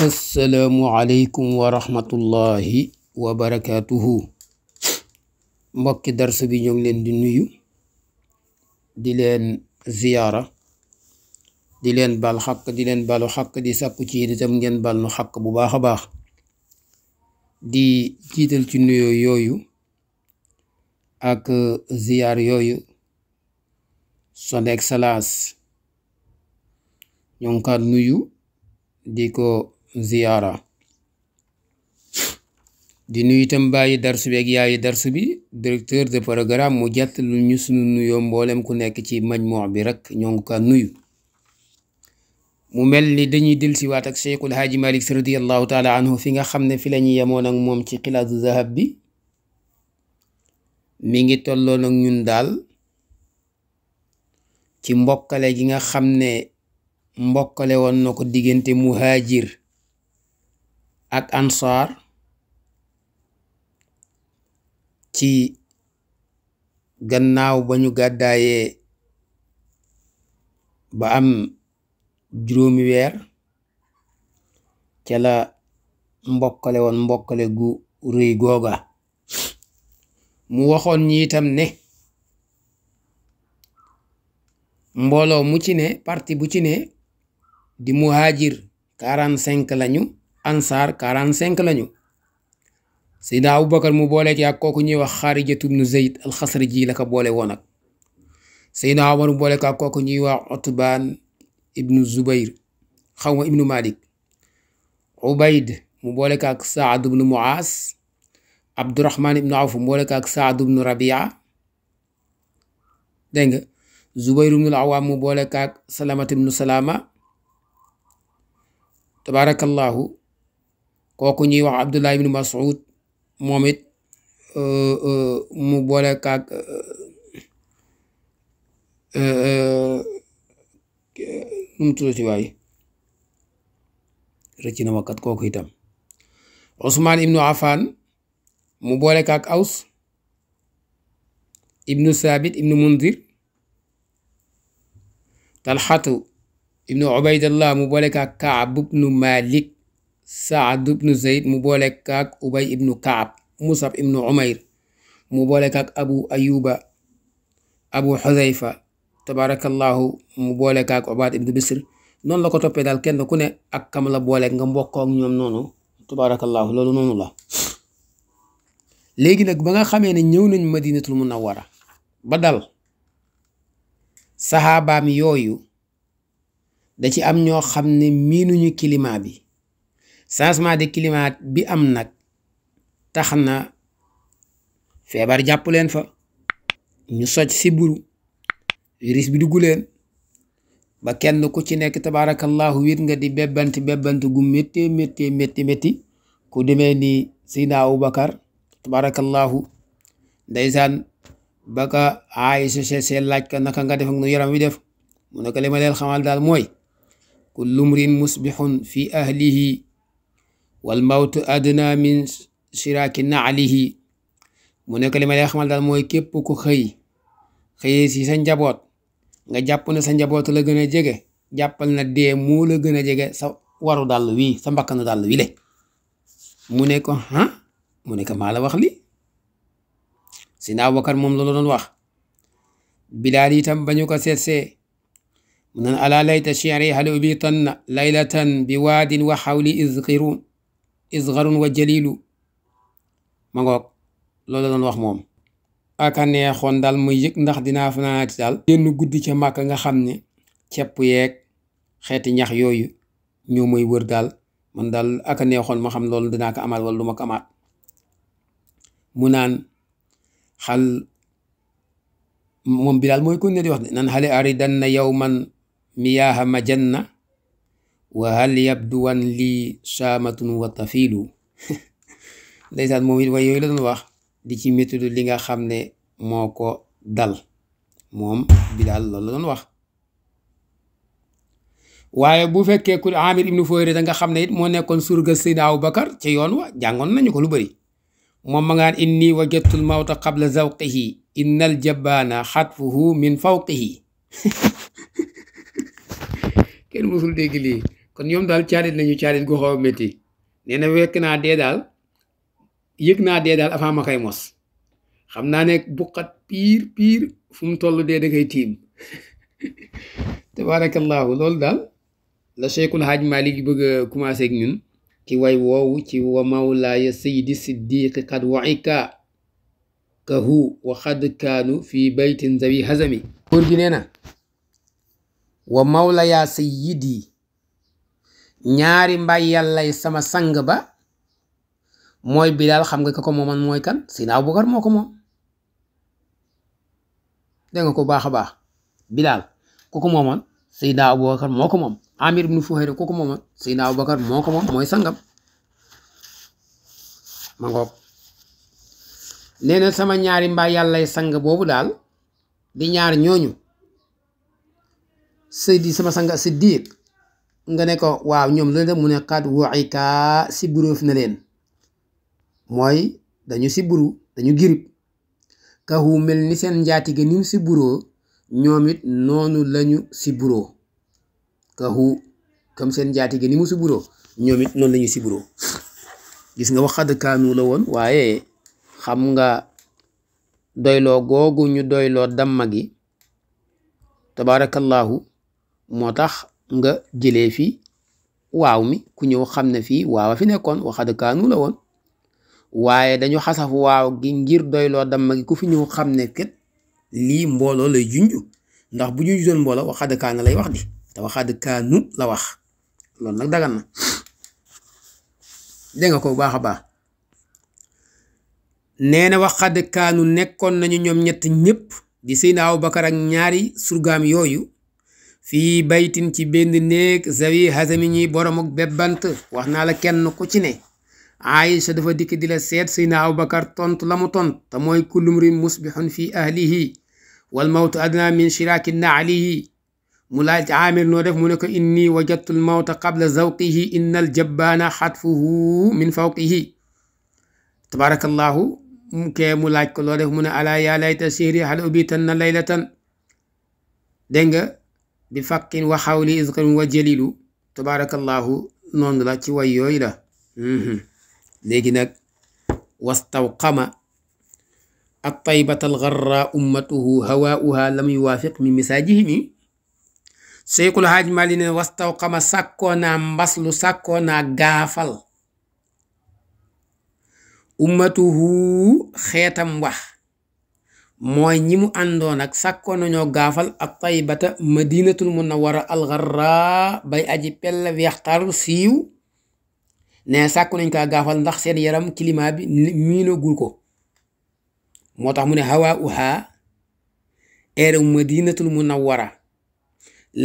asalaamualeykum wa rahmatullahi wa barakaatuhu mbokki darsu bi ñoo ngi leen di nuyu di leen ziyaara di leen bal xaq di leen balu xaq di sàkku ci itam ngeen bal nu xaq bu baax a baax di jiital ci nuyoo yooyu ak ziyaar yooyu son excellence ñoo ngi nuyu di ko ziyaara di nuyu itam bàyyi darsu bi ak yaayi darsu bi directeur de programme mu jàtt lu ñu sunu nuyoo mboolem ku nekk ci majmuu bi rek ñoo ngi ko nuyu mu mel ni dañuy dellusiwaat ak Cheikhul Haaji Malik Si radiyallahu taala anhu fi nga xam ne fi la ñuy yemoon ak moom ci xilaatu zahab bi mi ngi tolloon nag ñun daal ci mbokkale gi nga xam ne mbokkale woon na ko diggante muhaajir ak ansaar ci gannaaw ba ñu gàddaayee ba am juróomi weer ca la gu rëy googa mu waxoon ñi itam ne mbooloo mu ci parti bu ci ne di muhaajir quarante cinq lañu ansaar 45 lañu Seydina Aboubacar mu boole ci ak kooku ñuy wax Xaarijatu bnu Zeyd alxasriji la ko boole woon ak Seydina Omar mu boole ko kooku ñuy wax Otbaan ibnu Zubayr xaw ma ibnu Malik Ubayd mu boole ko ak Saad bnu Muaas Abdurahman ibnu Awf mu boole ko ak bnu Rabia dégg nga Zubayr ibnu Awaam mu boole ko ak Salamat ibnu Salama kooku ñuy wax Abdullah ibn Mas'ud moom it euh, euh, mu boole kaag euh, nu mu tuddati waay rëcc kooku itam Ousmane ibnu Affan mu boole kaag Aws ibnu Saabit ibnu Mundir Talxatu ibnu Ubaydallah mu boole kaag Kaab ibnu Malik saad ibnu zeyd mu boole kaak ubay ibnu kaab musab ibnu umayr mu boole kaak abu ayuba abu xudayfa tabarakallahu mu boole kaak ubaad ibnu bisr noonu la ko toppee daal kenn ku ne ak kam la boole nga mbokkoo ak ñoom noonu tabarakallahu loolu noonu la léegi nag ba nga xamee ne ñëw nañ madinatul munawwara ba dal saxaabaam yooyu da ci am ñoo xam ne miinuñu climat bi changement de climat bi am nag tax na feebar jàpp leen fa ñu soj sibbiru virus bi dugg ba kenn ku ci nekk tabaarakallahu wit nga di bebbanti bebbanti gu métti métti métti métti ku demee ni Seydina Abubakar tabaarakallahu ndeysaan ba ka Aïcha see laaj ka naka nga def ak nu yaram wi def mu ne ko li xamal daal mooy kullu mrin musbihun fi ahlihi wal mawtu adna min shiraaki naalihi mu nekk li ma lay xamal mooy képp ko xëy xëyee si sa njaboot nga jàpp ne sa njaboot la gën a jege jàppal na dee moo la gën a jege sa waru dàll wii sa mbakkanu dàll wi le mu ne ko ah mu ne ko wax li Sina Abubakar moom la doon wax Bilaal itam bañu ko seetsee mu naan alaa layta shi'rii hal ubiitanna laylatan bi waadin wa xawli izqiruun isgarun wa jalilu ma ngoog loolu la doon wax moom aka neexoon daal mooy yëg ndax dinaa fanaanaati daal génn guddi ca màkk nga xam ne cepp yeek xeeti ñax yooyu ñoo mooy wër daal man daal aka neexoon ma xam loolu dinaa ko amaat wala du ma ko amaat mu naan xal moom bi daal mooy kon ne wax ne nan xale ari dan na yow man miyaaha majanna wa hal yabduwan lii saamatun wa tafiilu ndeysaan moom it way yooyu la wax di ci méttilu li nga xam ne moo ko dal moom Bilaal loolu la doon wax waaye bu fekkee ku Amir ibnu Fuhayra da nga xam ne it moo nekkoon surga Seydina Abubakar ca yoon wa jàngoon nañu ko lu bëri moom ma ngaan inni wajadtul mawta qabla zawqihi innal jabbaana xatfuhu min fawqihi kenn musul dégg lii kon ñoom daal caalit nañu caalit gu xaw a métti nee na wekk naa dee daal yëg naa dee daal avant ma koy mos xam naa ne buqat piir piir fu mu toll dee da koy tiim tabaarakallaahu loolu daal la Cheikhul Haaj Malik bëgg a commencé ci way woowu ci wa mawlaaya sayidi siddiqi qad waika kahu wa qad kaanu fi baytin zawi hazami góor gi nee na wa sayidi ñaari mbay yàllay sama sang ba mooy Bilaal xam nga ko mooman mooy kan Seydina Abubakar moo ko moom ko baax a baax Bilaal ku ko moomoon Seydina Abubakar moo ko moom Amir ibnu Fuhayra ku ko mooman Seydina moo ko moom mooy sangam ma ngoog nee sama ñaari mbay yàllay sang boobu daal di ñaar ñooñu sëy sama sang siddiq nga ne ko waaw ñoom la de mu ne xat waxikaa sibburóof na leen mooy dañu sibburu dañu girib kahu mel ni seen njaatige ni mu sibburoo ñoom it noonu lañu sibburoo kahu comme seen njaatige ni mu ñoom it noonu lañu sibburoo gis nga wax xadd kaanu la woon waaye xam nga doyloo googu ñu doyloo damma gi tabaarakallaahu moo tax nga jëlee fi waaw mi ku ñëw xam ne fii waaw a fi nekkoon waxad kaanu la woon waaye dañu xasaf waaw gi ngir doyloo damma gi ku fi ñëw xam ne kat lii mbooloo lay junj ndax bu ñu doon mbooloo waxad kaana lay wax di te waxad kaanu la wax loolu nag dagan na dégg nga ko baax a baax nee na waxad nekkoon nañu ñoom ñett ñëpp di Seydina Abubakar ak ñaari surgaam yooyu fii baytin ci benn néeg zawi hasami ñi boromuk bebbant wax naa la kenn ku ci ne aïcha dafa dikk di la seet sayna abubakar tontu la mu tont te mooy kullu mrin musbihun fi ahlihi wal mawtu adna min shiraki naalihi mu laaj amir noo def mu ne ko inni wajadtu l mawta qabla zawqihi inna al jabbaana xatfuhu min fawqihi tabarakallahu kee mu laaj ko loo def mu ne alaa yaa layta sihri hal ubitan na laylatan dégg nga bi fakkin wa xawli iskarin wa jëlilu tabaarakallaahu noonu la ci way yooyu la mhm. léegi nag wastawqama at taybata algarra ummatuhu hawaauha lam yuwaafiq min misaajihi mi Seykul Haaj Maalik ne wastawqama sàkkoo naa mbaslu sàkkoo naa gaafal ummatuhu xeetam wax mooy ñi mu àndoon ak sàkkoon nañoo gaafal ak taybata madinatul munawara alxarra bay aji pell weextaru siiw ne sàkku nañ kaa gaafal ndax seen yaram climat bi miinagul ko moo tax mu ne hawa uha eere madinatul munawara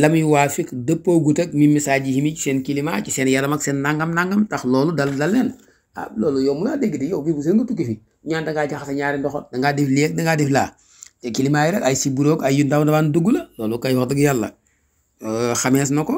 lam yuwaafik dëppoogut ak mi misaaji himi ci seen climat ci seen yaram ak seen nangam nangam tax loolu dal dal ah, loolu yow mun naa dégg di yow bii bu seen nga tukki fii ñaan dangaa jaxase ñaari ndoxot dangaa def lii ak dangaa def laa ay yu ndaw ndawaan dugg la loolu kay wax dëgg yàlla euh, xamees na ko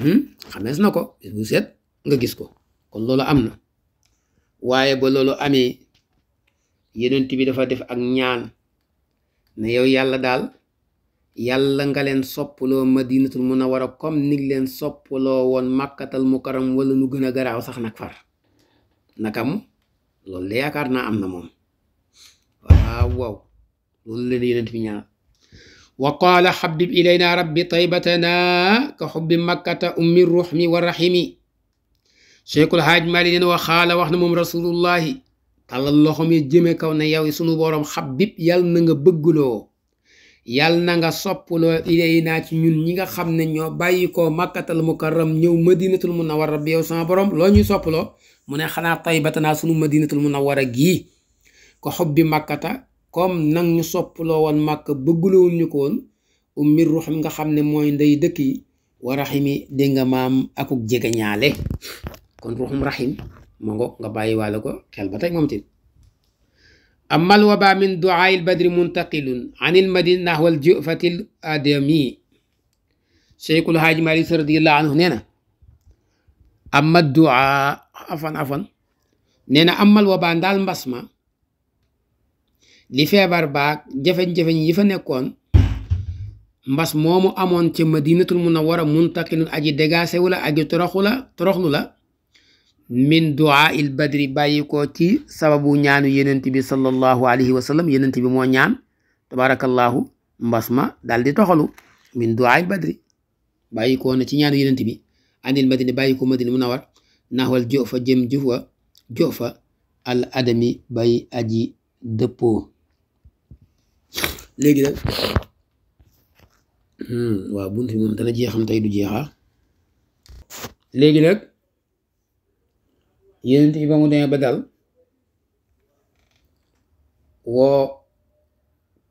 hmm? xamees na ko bis bu set nga gis ko kon loolu am na waaye ba loolu amee yonent bi dafa def ak ñaan ne yow yàlla daal yàlla nga leen soppaloo madinatul a comme ni leen soppaloo woon mu mukarram wala nu gën a garaaw sax nag far nakam loolu de yaakaar naa am na moom waaw waaw loolu leen yonent bi ñaar wa qaala xabib ilayna rabbi taybatana ka xubbi makkata ummi ruxmi wa raximi cheikhul haaj mali dina wa xaala wax na moom rasulullahi tàllal loxom yi jëm kaw na yow sunu boroom xabib yal na nga bëgguloo yal na nga soppaloo ilayna ci ñun ñi nga xam ne ñoo bàyyi koo makkatal mukarram ñëw na war rabbi yow sama borom loo ñuy soppaloo mu ne xanaa taybatanaa sunu madinatul munawwara gii ko xobbi màkkata kom nag ñu soppaloo woon màkk bëgguloon ñu ko ummi ruux nga xam ne mooy nday dëkk yi wa raximi dégg nga maam akuk jege ñaale kon ruuxum raxim moo nga bàyyi wàlla ko xel ba tey moom tamit amal waba min duaayil badri muntaqilun anil madina naxwal jufatil adami cheikhul duaa afan afan nee na amal wabaa ndaal mbas ma li feebar ba jafe-jafe yi fa nekkoon mbas moomu amoon ca madinatul munawwara muntaqilun aji dégaase wala aji toroxu la toroxlu la min duaa il badri bàyyi ko ci sababu ñaanu yenent bi sallallahu alayhi wa sallam yenent bi moo ñaan tabarakallahu mbas ma daal di toxalu min duaa il badri bàyyi ko na ci ñaanu yenent bi andil madina bàyyi ko madina munawwar naxwal jofa jëm jufa jofa al adami bay aji dëppoo léegi nag hmm, waaw bunt bi moom dana jeexam tey du jeexa ah. léegi nag yénent bi ba ba dal woo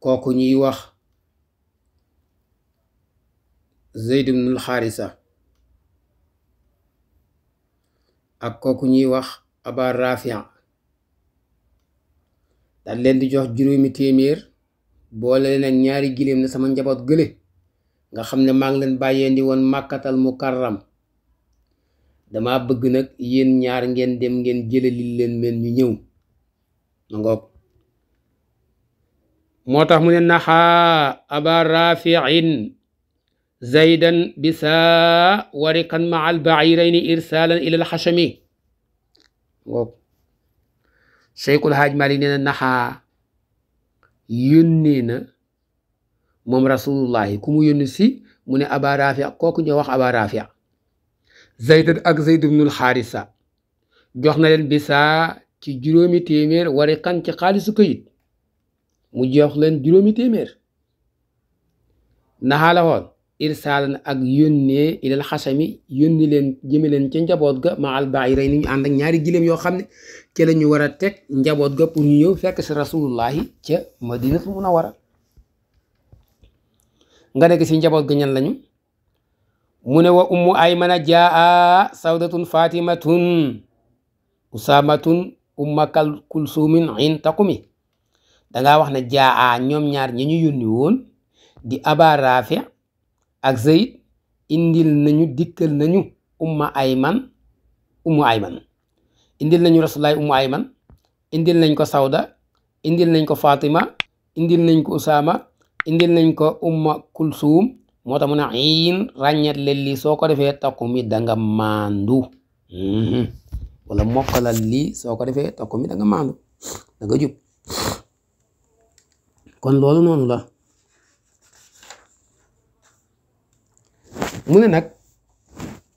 kooku ñuy wax zeyd xaarisa ko ku ñuy wax aba rafian daal leen di jox juróomi téeméer boole leen ak ñaari giléem ne sama njaboot gële nga xam ne maa ngi leen bàyyee ndi woon mu mukarram dama bëgg nag yéen ñaar ngeen dem ngeen jëlalil leen meen ñu ñëw ma moo tax mu ne naxaa aba rafiin zaydan bisa wariqan maa albairayni irsalan ila alxachami wow Cheikhul Haaj Malik nee na naxaa yónnee na rasulullahi ku mu si mu ne aba rafia kooku ñoo wax aba rafia zaydan ak zayd ibnul xaarisa jox na leen bisa ci juróomi téeméer wariqan ci xaalisu këyit mu jox leen juróomi téeméer naxaa la irsaalan ak yónnee ilal xasami yónni leen jëme leen ca njaboot ga ma al baa'iray ni ak ñaari giléem yoo xam ne ca la ñu war a teg njaboot ga pour ñu fekk si rasulullahi ca madinatul munawara nga nekk si njaboot ga ñan lañu mu ne wa ummu aymana jaa sawdatun fatimatun usamatun umma kal kulsumin in taqumi dangaa wax ne jaa ñoom ñaar ña ñu yónni woon di aba rafi ak Zayd indil nañu dikkal nañu umma ayman ummu ayman indil nañu rasulaay ummu ayman indil nañ ko sawda indil nañ ko fatima indil nañ ko usaama indil nañ ko umma kulsuum moo tax mu ne iin ràññat leen lii soo ko defee takku mi da nga maandu mhm. wala mokkalal lii soo ko defee takku mi maandu da jub mu ne nag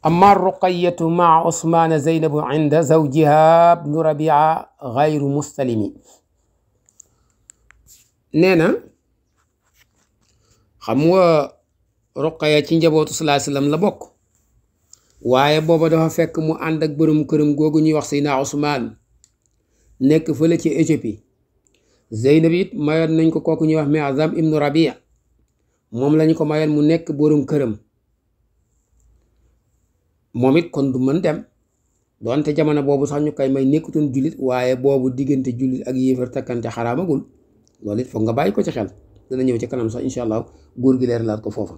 amma ruqayatu maa osmaana zeynabu inda zawjiha bnu rabia gayru musalimi nee na xam nga ruqaya ci njabootu salaa sallam la bokk waaye booba dafa fekk mu ànd ak bërëm këram googu ñuy wax seydna osmaan nekk fale ci Éthiopie zeynab it mayoon nañ ko kooku ñuy wax Mi'zam ibnu rabia moom lañ ko mayoon mu nekk bërëm këram moom it kon du mën dem doonte jamono boobu sax ñu koy may nekkutoon jullit waaye boobu diggante jullit ak yéefar takkante xaraamagul loolu it foog nga bàyyi ko ci xel dana ñëw ci kanam sax incha allah góor gi leer laat ko foofa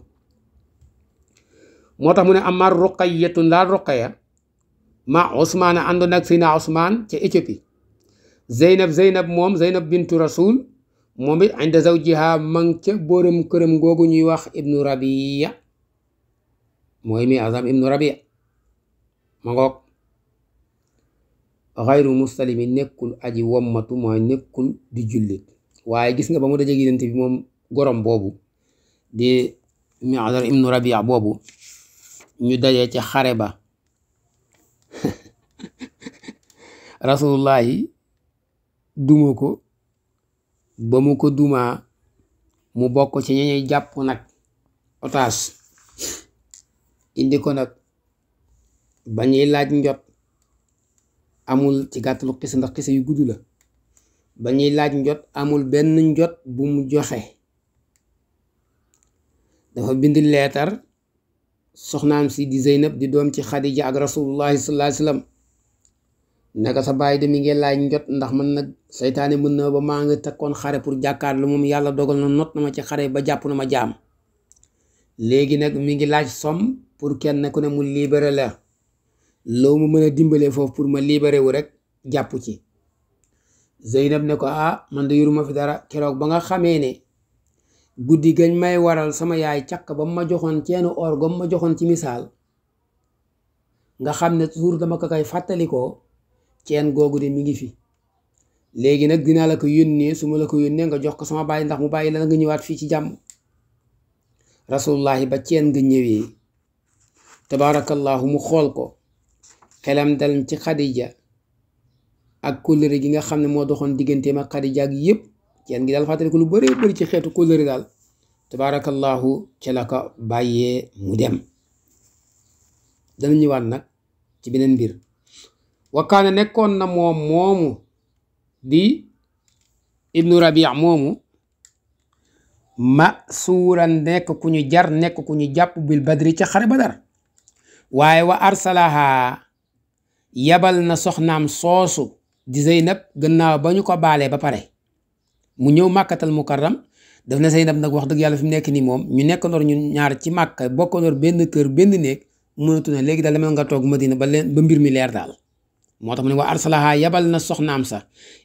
moo tax mu ne amaar ruqayatun laa ruqaya ma Ousmane àndoon ak Seyna Ousmane ca Éthiopie Zeynab Zeynab moom Zeynab bintu Rasoul moom it inda zawjiha mang ca bóoram këram googu ñuy wax ibnu Rabia mooy mi azam ibnu Rabia ma ngoog xayru nekkul aji wommatu mooy nekkul di jullit waaye gis nga ba mu dajee yonent bi moom gorom boobu di Mi'dar ibnu Rabia boobu ñu dajee ci xare ba rasulullahi duma ko ba mu ko dumaa mu bokk ci ñeñuy jàpp nag otage indi ko nag ba ñuy laaj njot amul ci gàttalu xisa ndax xisa yu gudd la ba ñuy laaj njot amul benn njot bu mu joxe dafa bind leetar soxnaam si di Zeynab di doom ci Xadija ak rasulullahi sallallahu alayhi wasallam sa bàyyi de mi ngi laaj njot ndax man nag seytaane mën na ba maa ngi takkoon xare pour jàkkaarloo moom yàlla dogal na not na ma ci xare ba jàpp na ma jaam léegi nag mi ngi laaj som pour kenn ku ne mu libéré la loo mu mën a dimbalee foofu pour ma liibarewu rek jàppu ci Zeynab ne ko ah man de yuruma fi dara keroog ba nga xamee ne guddi gañ may waral sama yaay càkk ba mu ma joxoon ceenu or ba mu ma joxoon ci misaal nga xam ne toujours dama ko koy fàttalikoo ceen googu de mi ngi fi. léegi nag dinaa la ko yónnee su ma la ko yónnee nga jox ko sama bàyyi ndax mu bàyyi la nga ñëwaat fii ci jàmm rasulullahi ba ceen nga ñëwee tabaarakallahu mu xool ko xelam dal ci xadija ak kóllëre gi nga xam ne moo doxoon digganteem ak xadija yépp yëpp kenn gi daal fàttaliku lu bëree bëri ci xeetu kóllëre daal tabaarakallaahu ca la ko bàyyee mu dem dana ñëwaat nag ci beneen mbir wakkaane nekkoon na moom moomu bi ibnu rabia moomu ma suuran nekk ku ñu jar nekk ku ñu jàpp bil badri ca xare badar waaye wa arsalaha yabal na soxnaam soosu di Zeynab gannaaw ba ñu ko baalee ba pare mu ñëw màkkatal mukarram daf ne Zeynab nag wax dëgg yàlla fi nekk nii moom ñu nekkandoor ñu ñaar ci màkka bokkandoor benn kër benn néeg mënatu ne léegi daal dama nga toog madina ba ba mbir mi leer daal moo tax mu ne waa arsalaha yabal na soxnaam sa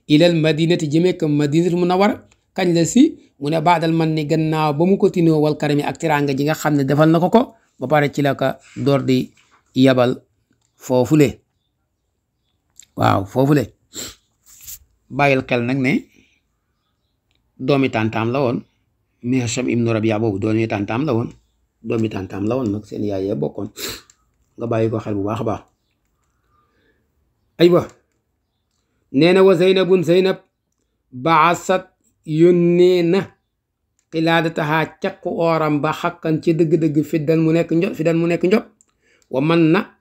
ilal madinati jëmee ka madinati mun a war kañ si mu ne baadal man ni gannaaw ba mu ko tinoo wal karami ak tiraanga ji nga xam ne defal na ko ko ba pare ci la ka door di yabal foofule waaw foofu le bàyyil xel nag ne doomi tàntaam la woon mi Hasham ibnu Rabia boobu doomi tàntaam la woon doomi tàntaam la woon nag seen yaay bokkoon nga bàyyi ko xel bu baax a baax aywa nee na wa Zeynabun Zeynab baasat yónnee na xilaadatahaa caq ooram ba xakkan ci dëgg-dëgg fi mu nekk njot fi mu nekk njot wa man na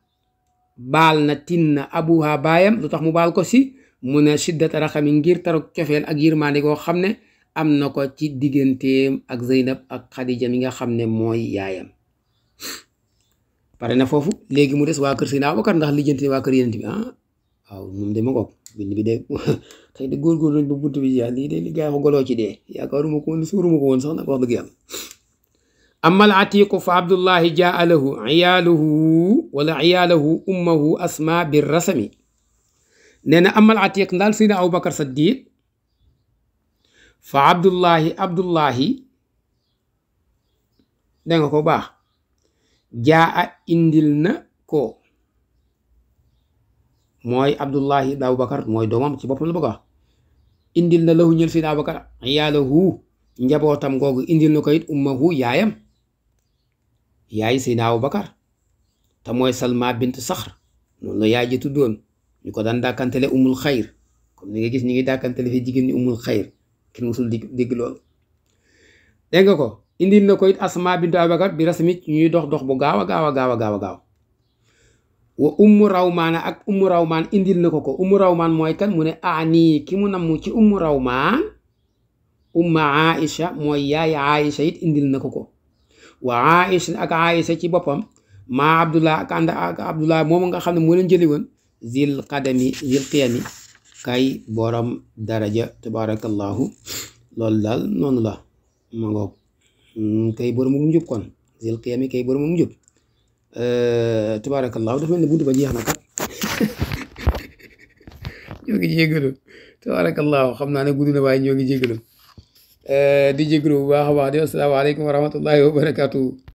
baal na tin na abu abuha baayam lu tax mu baal ko si mu ne shiddata raxami ngir taruk cofeel ak yërmaande koo xam ne am na ko ci digganteem ak Zeynab ak Xadija mi nga xam ne mooy yaayam pare na foofu léegi mu des waa kër Seydina Abubakar ndax lijjanti waa kër Yonent bi ah waaw moom de ma ko bind bi de tey de goor nañ ba bunt bi jeex ah, lii de li gaa ko goloo ci dee yaakaaruma ko woon suuruma ko woon sax nag wax dëgg yàlla amal atiqu fa abdullahi jaa lahu iyaaluhu wala iyaalahu ummahu asma bir rasami nee na amal ndaal sayna abubakar saddiq fa abdullahi abdullahi da ko baax jaa indil na ko mooy abdullahi da abubakar mooy doomam ci boppam la bëgg na lahu ñël sayna abubakar iyaalahu njabootam googu indil na ko ummahu yaayam yaay Seydina Abubakar te mooy Salma bint Saxr noonu la yaay ji tuddoon ñu ko daan dàkkantele umul xayr comme ni nga gis ñu ngi dàkkantele fi jigéen ñi umul xayr kenn musul di nga ko indil na ko it Asma bintu Abubakar bi rasmi ñuy dox dox bu gaaw a gaaw a gaaw a gaaw a gaaw wa ummu rawmaana ak ummu rawmaan indil na ko ko ummu rawmaan mooy kan mu ne ani ki mu namm ci ummu rawmaan umma Aïcha mooy yaay Aïcha it indil na ko ko wa aïcha ak aïcha ci boppam maa abdullah ak ànd ak abdullah moomu nga xam ne moo leen jëli woon zil qadami zil qiyami kay borom daraja tabarakallahu loolu daal noonu la ma ngoog hmm, kay borom mu njub kon zil qiyami kay borom mu njub euh, tabarakallahu dafa ne buntu ba jeex na kat ñoo ngi jégalu tabarakallahu xam naa ne gudd na waaye ñoo ngi jégalu Eh, di jégalu bu baax a baax di asalaamaaleykum wa wa barakaatu.